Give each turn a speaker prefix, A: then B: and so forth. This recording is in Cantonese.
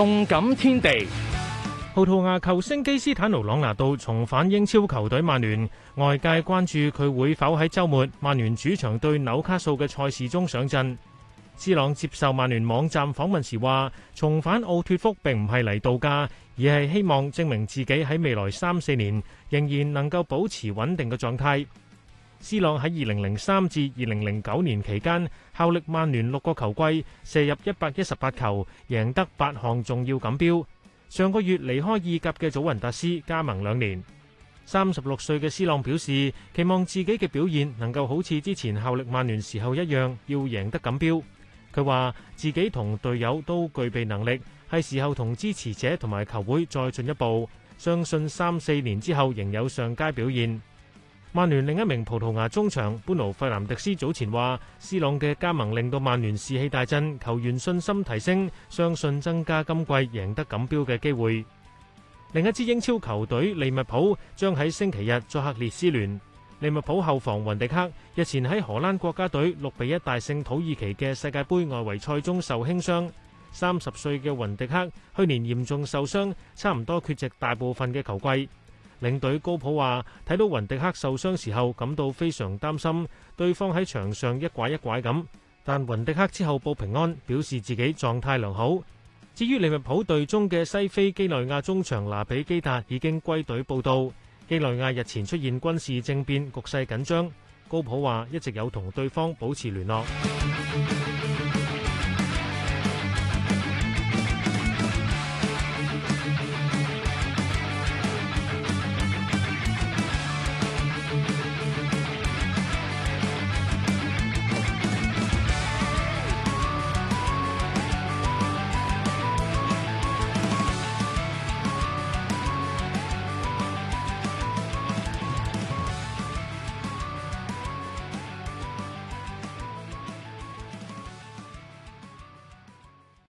A: 動感天地，葡萄牙球星基斯坦奴·朗拿度重返英超球隊曼聯，外界關注佢會否喺周末曼聯主場對紐卡素嘅賽事中上陣。C 朗接受曼聯網站訪問時話，重返奧脫福並唔係嚟度假，而係希望證明自己喺未來三四年仍然能夠保持穩定嘅狀態。C 朗喺二零零三至二零零九年期間效力曼聯六個球季，射入一百一十八球，贏得八項重要錦標。上個月離開意甲嘅祖雲達斯加盟兩年。三十六歲嘅 C 朗表示，期望自己嘅表現能夠好似之前效力曼聯時候一樣，要贏得錦標。佢話自己同隊友都具備能力，係時候同支持者同埋球會再進一步。相信三四年之後仍有上佳表現。曼聯另一名葡萄牙中場般奴費南迪斯早前話：C 朗嘅加盟令到曼聯士氣大振，球員信心提升，相信增加今季贏得錦標嘅機會。另一支英超球隊利物浦將喺星期日作客列斯聯。利物浦後防雲迪克日前喺荷蘭國家隊六比一大勝土耳其嘅世界盃外圍賽中受輕傷。三十歲嘅雲迪克去年嚴重受傷，差唔多缺席大部分嘅球季。領隊高普話，睇到雲迪克受傷時候感到非常擔心，對方喺場上一拐一拐咁。但雲迪克之後報平安，表示自己狀態良好。至於利物浦隊中嘅西非基內亞中場拿比基達已經歸隊報道。基內亞日前出現軍事政變，局勢緊張。高普話：一直有同對方保持聯絡。